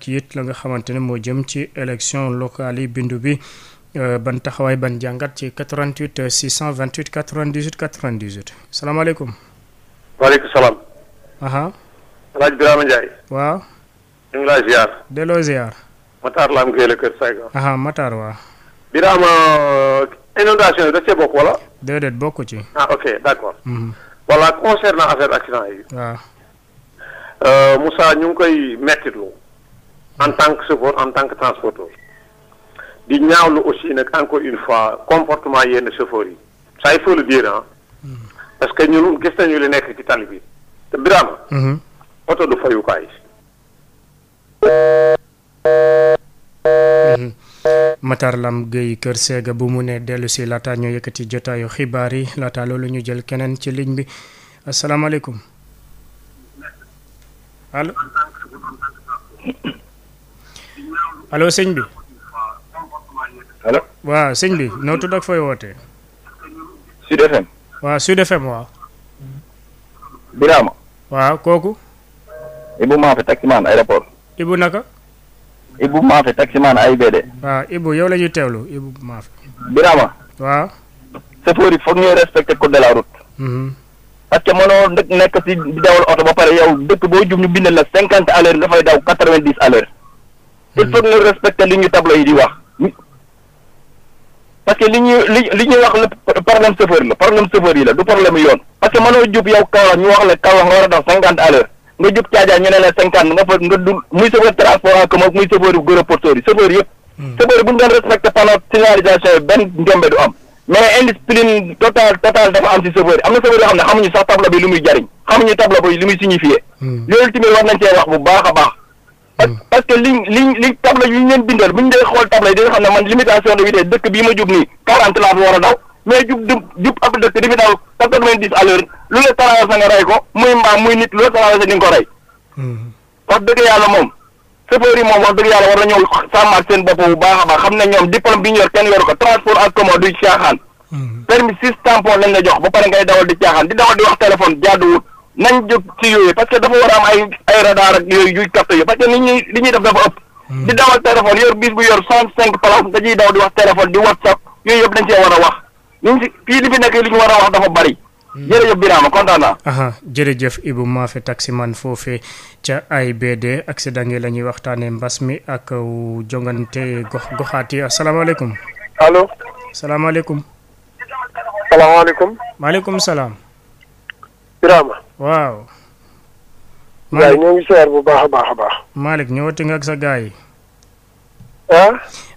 ci la nga xamante ne moo jëm ci élection locale yi bindu bi euh, ban taxawaay ban jàngat ci 88 628 98 98 salaamaaleykum. waaleykum salaam. aha. El Hadj Birame Ndiaye. waaw. ñu ngi laa ziar. delloo ziar. Matar la am Guèye Kër Saiga. aha Matar waaw. Birame euh, inondation yi da cee bokk wala. déedéet bokk ci. ah ok d'accord. Mhm. voilà concernant affaire accident yi. waaw. Euh, Moussa ñu ngi koy mettitlu en tant que chauffeur en tant que transporteur di ñaawlu aussi nag encore une fois comportement yenn chauffeurs yi ça il faut le mm-hmm. parce que ñu gis nañu li nekk ci tali bi te Birama. Mm-hmm. oto du fayukaay. Mm-hmm. Matar Lam Gueye Kër Sega bu mu ne dellu si laata ñu yëkkati jotaayu xibaar yi laata loolu ñu jël keneen ci ligne bi asalaamaaleykum allo. allo sëñ bi. allo. waaw sëñ bi noo tudd ak fooy wootee. Sud FM. waaw Sud FM waaw. Birama. waaw kooku. Ibou Mafe maan aéroport. Ibou naka. Ibou Mafe taximaan AIBD. waaw Ibou yow la ñuy teewlu Ibou Mafe. Birama. waaw. chauffeur yi foog ñuy respecté code de la route. Mhm. parce que mënoo nekk si di dawal oto ba pare yow dëkk boo jub ñu bindal la cinquante à l'heure nga fay daw quatre-vingt-dix il faut que ñu respecter li ñu tableau yi di wax parce que li ñuy li li wax le problème chauffeur la problème chauffeur yi la du problème yoon. parce que mënoo jub yow Kaolack ñu wax la Kaolack nga war a dox cinquante à l'heure nga jub Thiadiaye ñu ne la cinquante nga fa nga dul muy chauffeur transport en commun muy chauffeur yu gërëm porteur yi chauffeur yëpp. Hmm. chauffeur bu ñu doon respecté pendant signalisation yi benn njombe du am. mais indiscipline total total dafa am ci chauffeur am na chauffeur muy jariñ xamuñu tableau bi lu muy hmm. nañ wax bu baax a baax. Mm. parce que liñ liñ liñ tableau yi ñu leen bindal bu ñu dee xool tableau yi di nga xam ne man limitation de vitesse dëkk bii ma jub nii quarante la war a daw mais jub jub ab dëkk di fi daw quatre-vingt-dix à l'heure lu la traversé nga ko muy mbaam di nga ko rey. Mm-hmm. wax dëgg yàlla moom chauffeur yi moom wax dëgg yàlla war nañoo sàmmaat seen bopp bu baax a xam ne ñoom diplôme bi ñu yor kenn yoru ko transport en commun du caaxaan. Mm-hmm. permis six tampon lañ la jox ba pare ngay di caaxaan di dawal di wax téléphone jaaduwut nañ jóg ci yooyu parce que dafa war a ay ay radar ak yooyu yuy capté yooyu parce que nit li ñuy def dafa ëpp. Hmm. di dawal téléphone yor bis bu yor cent cinq place dañuy daw di wax téléphone di whatsapp yooyu yëpp dañ cee war a wax liñ si fii li fi nekk li ñu war a wax dafa bari. Hmm. jërëjëf Birama kontaan naa. jërëjëf Ibou si taximan foofee ca AIBD accident yi la ñuy waxtaanee mbas mi ak jongante gox goxaat yi asalaamaaleykum. allo. salaamaaleykum. salaamaaleykum. maaleykum salaam. Birama waaw. Malick ñoo ngi seer bu baax a baax a baax. Malick ñëwati nga ak sa gaay yi. ah.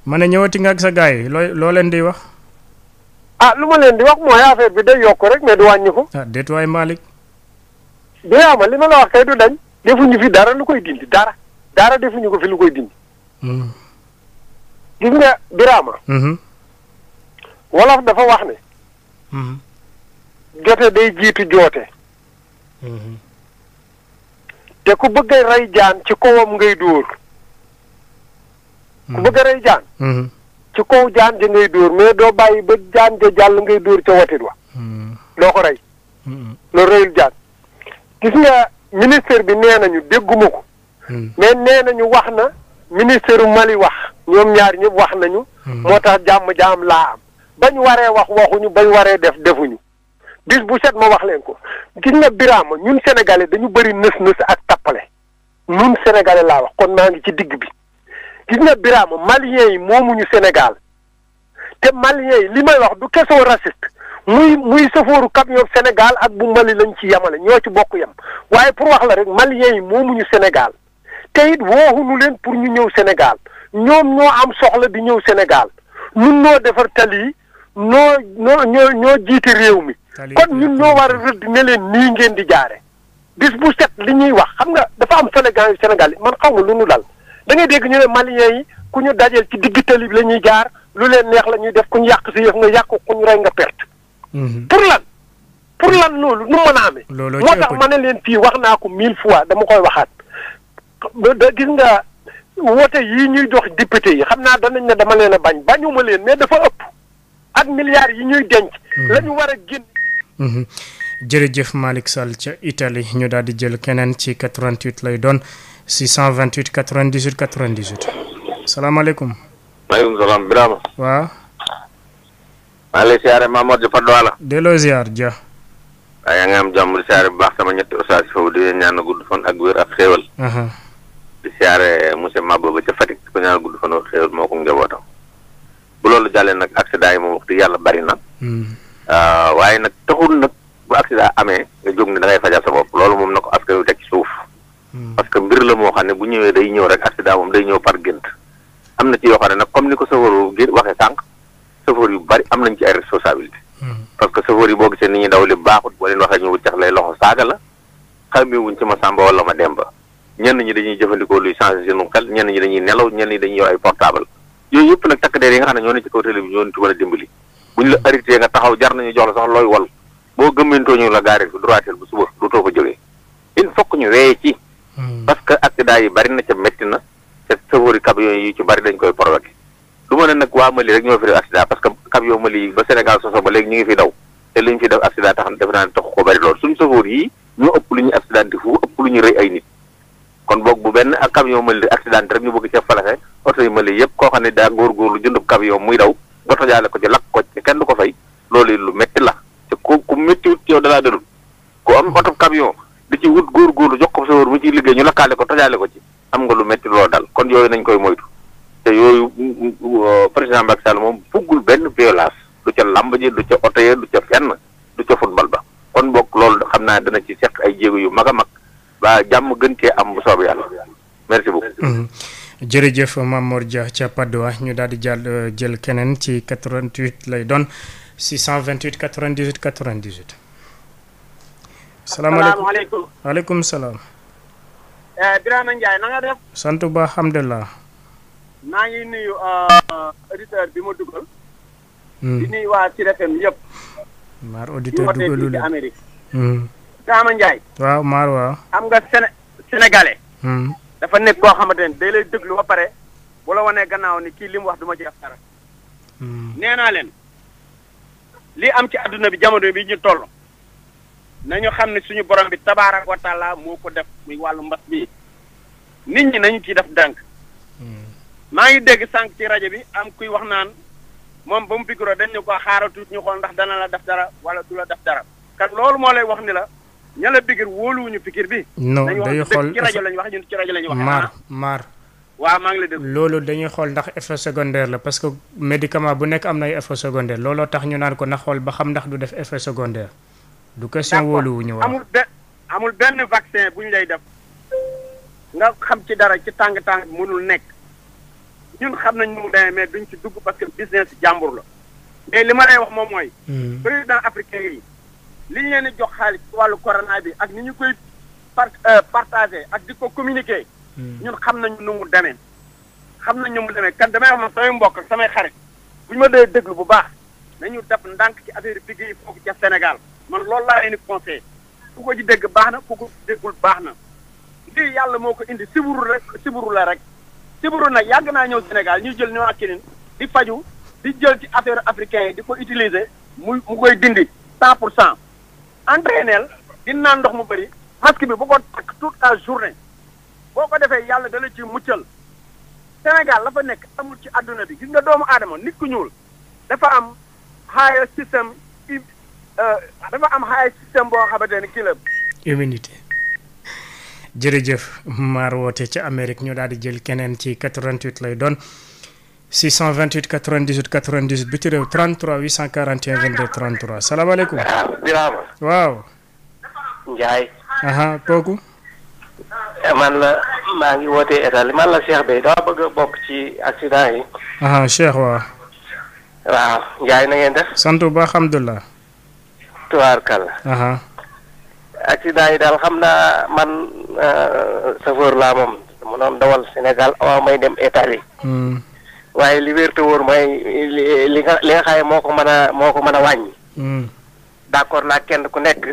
ma ne ñëwati nga ak sa gaay yi loo loo leen di wax. Ah, lu ma leen di wax bi day yokk rek mais du wàññiku. ah déet waay Malick. Birama li ma la wax kay du dañ. fi dara lu koy dindi dara. dara defuñu ko fi lu koy dindi. Hmm. gis nga Birama. Hmm. wolof dafa wax ne. Hmm. jote day jiitu joote. te ku bëgg a rey jaan ci kawam ngay dóor. ku bëgg a rey jaan. Mm-hmm. ci kaw jaan ja ngay dóor mais doo bàyyi ba jaan ja jàll ngay dóor ca watit wa. doo mm-hmm. ko rey. Mm-hmm. loolu reyul jaan. gis nga ministère bi nee nañu dégguma ko. mais nee nañu wax na ministère Mali wax ñoom ñaar ñëpp wax nañu. moo tax jàmm jaam laa am bañ waree wax waxuñu bañ waree def defuñu. bis bu set ma wax leen ko gis nga biraama ñun sénégalais dañu bari nës nës ak tappale ñun sénégalais laa wax kon maa ngi ci digg bi gis nga biraama maliens yi moomuñu Sénégal te maliens yi li may wax du question raciste muy muy safooru camion Sénégal ak bu Mali lañ ci yemale ñoo ci bokk yem waaye pour wax la rek maliens yi moomuñu senegal te it wooxuñu leen pour ñu ñëw Sénégal ñoom ñoo am soxla di ñëw Sénégal ñun noo defar tali yi noo noo ñoo ñoo jiite réew mi kon ñun ñoo war a rëdd ne leen nii ngeen di jaare bis bu set li ñuy wax xam nga dafa am fële yu Sénégal man xaw ma lu ñu dal dangay dégg ñu ne Maliens yi ku ñu dajal ci digg tali bi la ñuy jaar lu leen neex la ñuy def ku ñu yàq si yëf nga yàq ku ñu rey nga perte. Mhm. pour lan pour lan loolu nu mën a amee. moo tax ma ne leen fii wax naa ko mille fois dama koy waxaat. da gis nga woote yii ñuy jox député yi xam naa danañ ne dama leen bañ bañuma leen mais dafa ëpp ak milliards yi ñuy denc. Mhm. ñu war a génn Mhm. jërëjëf Malick Sall ca Italie ñu daal di jël keneen ci 88 lay doon 628 98 98. salaamaaleykum. maaleykum salaam Birama. waaw. maa ngi lay siyaare Mamadou Fadou Ala. delloo ziar Dia. waaye am jàmm di siyaare bu baax sama ñetti osaasi foofu di leen gudd fan ak wér ak xéewal. di siyaare monsieur Mabo ba ca Fatick di ko ñaan gudd fan ak xéewal moo ko njabootam. bu loolu jàllee nag accident yi moom wax dëgg yàlla bari na. Hmm. Euh, waaye nag taxul nag bu accident amee nga jóg ne da fajal sa bopp loolu moom na ko askan wi teg ci suuf. Hmm. parce moo xam ne bu ñëwee day ñëw rek accident moom day ñëw par gént. am na ci yoo xam ne nag comme ni gi waxee sànq yu bari am nañ ci ay responsabilité hmm. parce que safar yi boo gisee ni ñuy daw li baaxut boo leen waxee ñu wuccax lay loxo saaga la xamewuñ ci ma sàmba wala ma demba ñenn ñi dañuy jëfandikoo luy changé seenu xel ñenn ñi dañuy nelaw ñenn ñi dañuy yow ay portable yooyu yëpp nag takk der yi nga xam ne ñoo ne ci kaw télévision ci mën a dimbali buñ la arrêté nga taxaw jar nañu jox la sax looy wal boo gëmmantoo ñu la gaareel bu bu suba du too ko jëlee il faut ñu weye ci hmm. parce que accident yi bari na ca métti na te safari camion yi ci bari dañ koy provoqué du ma ne nag waa Mali rek ñoo fi def accident parce que camion Mali yi ba Sénégal soso ba léegi ñu ngi fi daw te li ñu fi def accident tax def naa ne ko bari lool suñu safari yi ñoo ëpp lu ñuy accidenté fu ëpp lu ñu rëy ay nit kon boog bu benn ak camion Mali accidenté rek ñu bëgg ca falaxe oto yi Mali yëpp koo xam ne daa góorgóorlu muy daw nga tojaale ko ci lakk ko ci kenn du ko fay loolu lu métti la te ku ku métti wut yow dalaa dalul ku am oto camion di ci wut góorgóorlu jox ko sa wër mu ciy liggéey ñu lakkaale ko tojaale ko ci am nga lu métti loolu dal kon yooyu nañ koy moytu te yooyu mm, mm, mm, euh, président Macky Sall moom buggul benn violence du ca làmb ji du ca oto yi du ca fenn du ca football ba kon bokk loolu xam naa dana ci seq ay jéego yu mag a mag ba jàmm gën cee am bu soob yàlla merci beaucoup. Mhm. jërëjëf Mamor ca Padoa ñu daal di jàll euh, jël keneen ci 88 lay doon 628 98 98. salaamaaleykum waaleykum salaam. Eh, Birama Ndiaye na def. sant ba alhamdulilah. maa ngi nuyu euh, auditeur bi ma dugal. Mhm. di nuyu waa Sud FM yëpp. maar auditeur dugalul ci Amérique. Mhm. Birama Ndiaye. waaw maar waaw. am nga Séné sénégalais. dafa nekk koo xamante ne day lay déglu ba pare bu wane gannaaw ni kii li wax du ma ci dara. Hmm. nee naa leen li am ci àdduna bi jamono bi ñu toll nañu xam ne suñu borom bi tabaara wa taala moo ko def muy wàllu mbas bii nit ñi nañu ciy def dànk. Hmm. maa ngi dégg sànq ci rajo bi am kuy wax naan moom ba mu pikiroo dañ ñu ko xaaratu ñu xool ndax dana la def dara wala du la def dara kat loolu moo lay wax ni la ña la pikir wóoluwuñu pikir bi. non dañuy xool ci rajo lañu wax ñun ci rajo lañu wax. maar ah. maar. maa ngi lay dégg loolu dañuy xool ndax effet secondaire la parce que médicament bu nekk am na ay effet secondaire looloo tax ñu naan ko na xool ba xam ndax du def effet secondaire. du question wóoluwuñu waaw amul benn amul benn vaccin bu ñu lay def nga xam ci dara ci tàng-tàng mënul nekk ñun xam nañ mu demee mais duñ ci dugg parce business jàmbur la mais li ma lay wax moom mooy. Hmm. président africain yi. li ñu leen di jox xaalis wàllu corona bi ak ni ñu koy par euh, partagé ak di ko communiqué. Hmm. ñun xam nañu nu mu demee. xam nañu mu demee kan damay wax man samay mbokk ak samay xarit bu ñu ma dee déglu bu baax nañu def ndànk ci affaire pig yi foofu ca Sénégal man lool laa leen di conseillé ku ko ci dégg baax na ku ko déggul baax na. lii yàlla moo ko indi siburu rek siburu la rek siburu nag yàgg naa ñëw Sénégal ñu jël ñoo ak di faju di jël ci affaire africain yi di ko utiliser mu mu koy dindi 100 pour entraîneel di ndox mu bëri masque bi bu ko takk toute la journée boo ko defee yàlla dala ci muccal Sénégal la nekk amul ci àdduna bi gis nga doomu aadama nit ku ñuul dafa am higher system euh, dafa am higher system boo xamante ne kii la. jërëjëf maar woote ca Amérique ñu daal di jël keneen ci 88 lay doon. 628 98 98 biti réew 33 841 22 33 salaamaaleykum. Birama. waaw. Ndiaye. aha kooku. man la maa ngi wootee Italie man la Cheikh Bey daa bëgg a bokk ci accident yi. aha Cheikh waaw. waaw Ndiaye na ngeen def. sant ba baax alhamdulilah. tubaarkalla. aha. accident yi daal xam naa man euh, chauffeur laa moom munoon dawal Sénégal awa may dem Italie. Hmm. waaye li wér te wóor mooy li nga li moo ko mën a moo ko mën a wàññi. Hmm. d'accord naa kenn ku nekk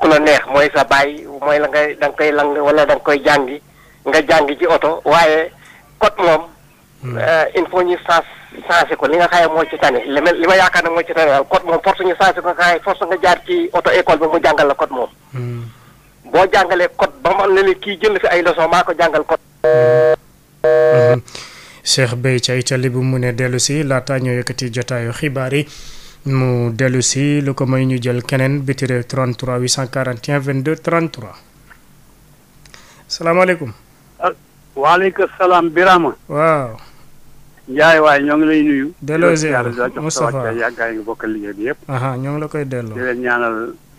ku la neex mooy sa baay mooy la ngay da koy lang wala da nga koy jàngi nga jàngi ci oto waaye kot moom. Hmm. Euh, il faut ñu sens sensé ko li nga xam ne moo ci tane li ma ma yaakaar ne moo ci tane daal kot moom force ñu sensé ko nga xam ne force nga jaar ci oto école bi mu jàngal la kot moom. Hmm. boo jàngalee kot ba mu am ne kii jënd fi ay leçon maa ko jàngal kot. Cheikh Béthio Thioly bu mu ne dellu si laata ñoo yëkkati jotaayu xibaar yi mu dellu si lu ko may ñu jël keneen biti réew 33 841 22 33. salaamaaleykum. Ah, waaleykum salaam Birama. waaw. Njaay waay ñoo ngi lay nuyu. delloo ziar Moustapha yàggaay nga bokkal liggéey bi yëpp. ñoo ngi la koy delloo. di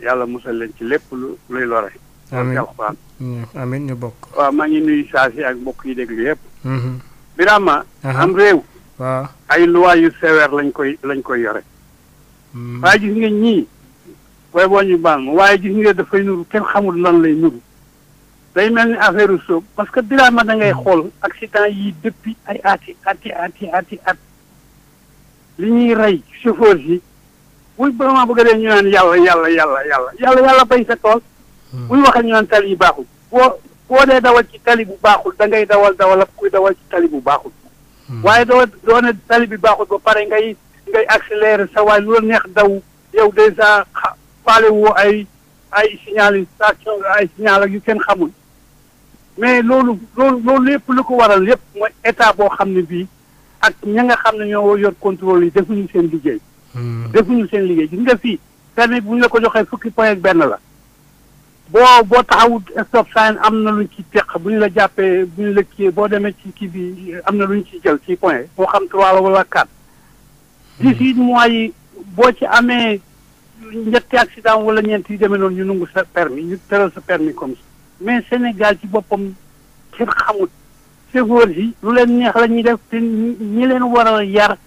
yàlla musal leen ci lépp lu luy lore. amiin ñu bokk. waaw maa ngi nuyu saa ak mbokk yi déglu yëpp. Mhm. Birama am réew. waaw ay lois yu seweer lañ koy lañ koy yore. Hmm. waaye gis nga ñii. waaye boo ñu baal ma waaye gis nga dafay nuru kenn xamul lan lay nuru. day mel ni affaire soob parce que Birama da ngay hmm. xool accident yi depuis ay ati ati ati ati at. li ñuy rey chauffeur yi. buy vraiment bëgg dee ñu naan yàlla yàlla yàlla yàlla yàlla yàlla bay sa tool. Hmm. buy waxee ñu naan tal yi baaxul boo boo dee dawal ci tali bu baaxul da ngay dawal dawal ak kuy dawal ci tali bu baaxul. Hmm. waaye doo doo ne tali bi baaxul ba pare ngay ngay accélérer sa waaye lu la neex daw yow dèjà xa faale woo ay ay signalisation ay signal ak yu kenn xamul. mais loolu loolu loolu lépp lu ko waral yépp mooy état boo xam ne bii ak ña nga xam ne ñoo yor contrôle yi defuñu seen liggéey. Hmm. defuñu seen liggéey gis nga fii permis bu ñu la ko joxee fukki point ak benn la. boo boo taxawut stop sign am na luñ ci teq bu ñu la jàppee bu ñu la kii boo demee ci kii bi am na luñ ci jël ci point moo xam trois la wala quatre dix-huit hmm. mois yi boo ci amee ñetti accident wala ñeent yi demee noonu ñu nungu sa permis ñu tëral sa permis comme ça mais Sénégal ci boppam kenn xamut chauffeur yi lu leen neex la def te ñi leen war a yar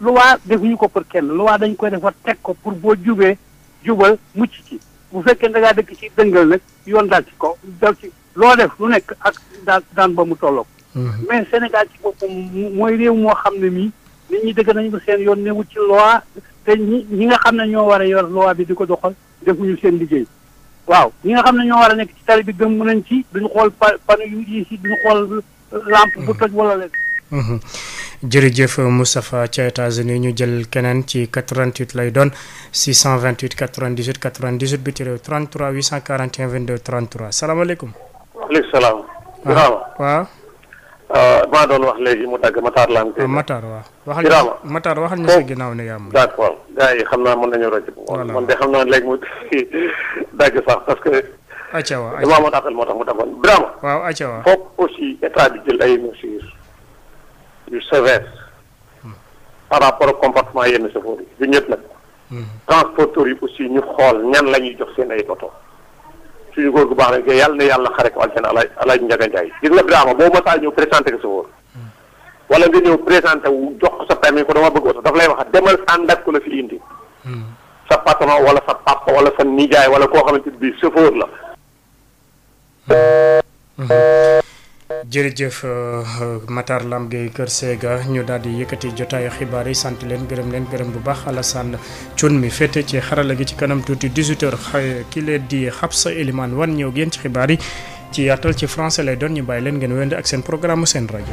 loi defuñu ko pour kenn loi dañ koy defar teg ko pour boo jubee jubal mucc ci bu fekkee da ngaa dëkk ci dëngal nag yoon daal ci kaw dal ci loo def lu nekk ak daan daan ba mu tolloog. Mhm. mais Sénégal ci boppam mooy réew moo xam ne mii nit ñi dëgg nañu ko seen yoon newut ci loi te ñi ñi nga xam ne ñoo war a yor loi bi di ko doxal ñu seen liggéey waaw ñi nga xam ne ñoo war a nekk ci tali bi gëm mu nañ ci duñu xool pa panneau yu yi si duñu xool lampe bu mhm. toj wala leen. Mhm. jërëjëf Moustapha ca États-Unis ñu jël keneen ci 88 lay doon 628 98 98 biti réew 33 841 22 33 salaamaaleykum. waaleykum salaam. Birama ah, waaw. Euh, maa doon wax léegi mu dagg Matar laa am. Ah, Matar waaw waxal Matar waxal ñu sa ginnaaw ne yaa am. d'accord gars yi xam naa mën nañu rajo. voilà man de xam naa léegi mu dagg sax parce que. acca waaw acca damaa amoon appel acca waaw. ay yu sévère par rapport ak comportement yenn chauffeur yi du ñëpp nag hmm. transporteurs yi aussi ñu xool ñan la ñuy jox seen ay oto suñu góor gu baax rek yàlla na yàlla xare ko aljana alaaj alaaj njaga njaay gis nga Birama boo a ñëw présenté ko chauffeur hmm. wala nga ñëw présenté wu jox sa permis ko dama bëgg oto daf lay wax demal ànd ko la fi indi hmm. sa patron wala sa papa wala sa nijaay wala koo xamante bi chauffeur la jërëjëf euh, Matar Lam Gueye Kër Sega ñu daal di yëkkati jotaayu xibaar yi sant leen gërëm leen gërëm bu baax Alassane Thioune mi féete ci xarala gi ci kanam tuuti 18h xëy ki leen di Xabsa wan ñëw génn ci xibaar yi ci yaatal ci français lay doon ñu bàyyi leen ngeen wéyandi ak seen programme seen rajo.